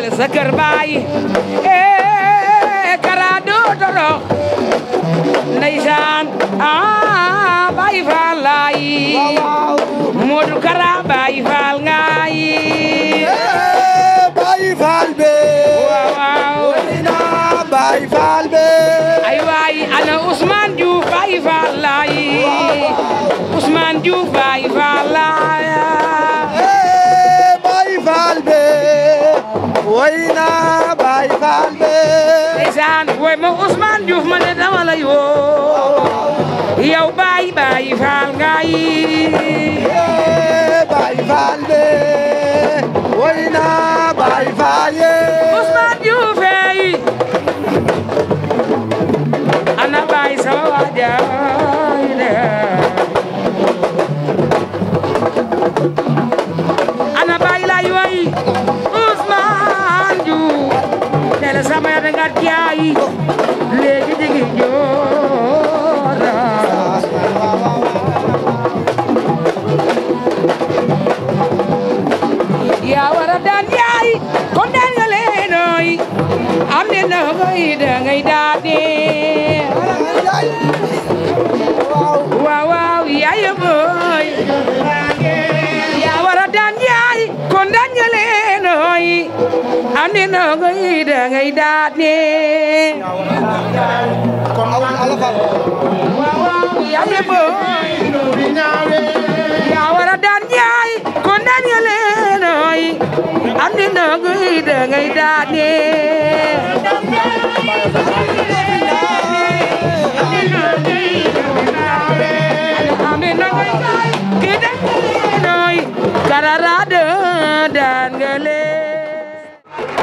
leel sa kër baay ee eh, kara dootoro ndeysaan aa ah, baay faal laay moodu kara baay faal ngaay ee eh, baay faal bee waaw warina baay faal bee ay waay ana Ousmane Diouf baay faal laay Ousmane Diouf baay faal laay woy naa Baay Faal be ndeysaan woy ma Ousmane Diouf ma ne dama la yoo yow Baay Baay Faal nga jaayi léegi jigi joora yaa wara daan yaayi kon daan nga leenooy am ne na ngay da ngay daade ne nongo yi da ngay daat ne kon awan alafa waaw yam le booy yaa wara daan ñaay kon daan ya leenooy am ne nongo yi da ngay daat ne Kidang kinoy kararado dan gele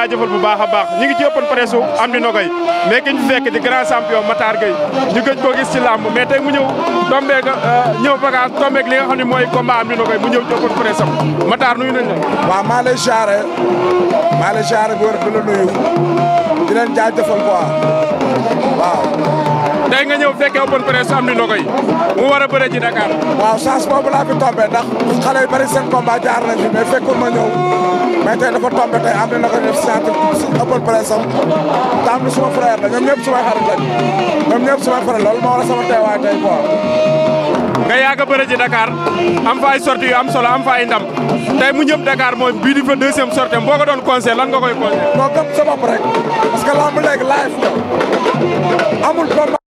jaajëfal bu baax ñi ngi ci ëppan presse am di nogay mais ki ñu fekk di grand champion Matar Gueye ñu gëj koo gis ci làmb mais tey mu ñëw tombeeg euh, ñëw vacance tombeeg li nga xam mooy combat am di nogay mu ñëw ci ëppan presse am nuyu nañ la maa lay jaare maa lay jaare bu wér di la nuyu di leen jaajëfal quoi waaw tey nga ñëw fekkee open press am di ndogo yi mu war a bëre waaw chance boobu laa fi tombé ndax xale yu bëri seen jaar nañ fi mais ma ñëw mais tey dafa tombé tey am di ndogo def centre open press am te am na suma frère la ñoom ñëpp sumay xarit lañ ñoom loolu moo war a sama teewaay tey quoi. nga yàgg a bëre ci am fa ay sorties yu am solo am fa ay ndam tey mu ñëpp Dakar mooy bii fa deuxième sortie boo ko doon conseil lan ga koy conseil. non comme sa